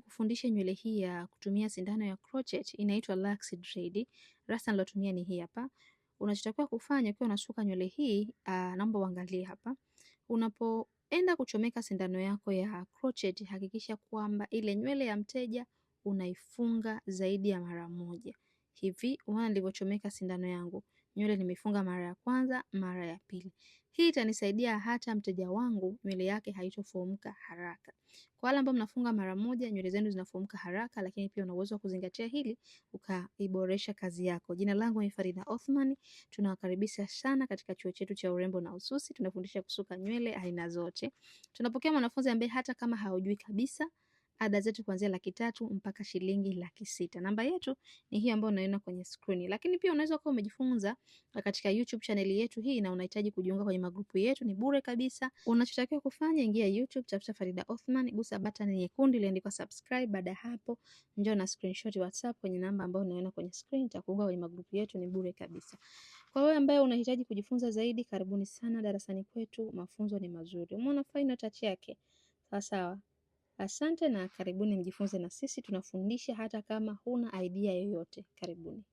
nikufundishe nywele hii ya kutumia sindano ya crochet, inaitwa lax dread. Rasta nilotumia ni hii hapa. Unachotakiwa kufanya ukiwa unasuka nywele hii, ah, naomba uangalie hapa. Unapoenda kuchomeka sindano yako ya crochet, hakikisha kwamba ile nywele ya mteja unaifunga zaidi ya mara moja. Hivi unaona nilivyochomeka sindano yangu nywele nimefunga mara ya kwanza, mara ya pili. Hii itanisaidia hata mteja wangu nywele yake haitofumuka haraka. Kwa wale ambao mnafunga mara moja, nywele zenu zinafumuka haraka, lakini pia una uwezo wa kuzingatia hili ukaiboresha kazi yako. Jina langu ni Farida Othman, tunawakaribisha sana katika chuo chetu cha urembo na ususi. Tunafundisha kusuka nywele aina zote. Tunapokea mwanafunzi ambaye hata kama haujui kabisa ada zetu kuanzia laki tatu mpaka shilingi laki sita. Namba yetu ni hii ambayo unaiona kwenye skrini, lakini pia unaweza kuwa umejifunza katika YouTube chaneli yetu hii na unahitaji kujiunga kwenye magrupu yetu, ni bure kabisa. Unachotakiwa kufanya, ingia YouTube, tafuta Farida Othman, gusa button nyekundu iliyoandikwa subscribe. Baada hapo, njoo na screenshot WhatsApp kwenye namba ambayo unaiona kwenye screen, takuunga kwenye magrupu yetu, ni bure kabisa. Kwa wewe ambaye unahitaji kujifunza zaidi, karibuni sana darasani kwetu, mafunzo ni mazuri. Umeona final touch yake sawa sawa. Asante na karibuni mjifunze na sisi tunafundisha hata kama huna idea yoyote. Karibuni.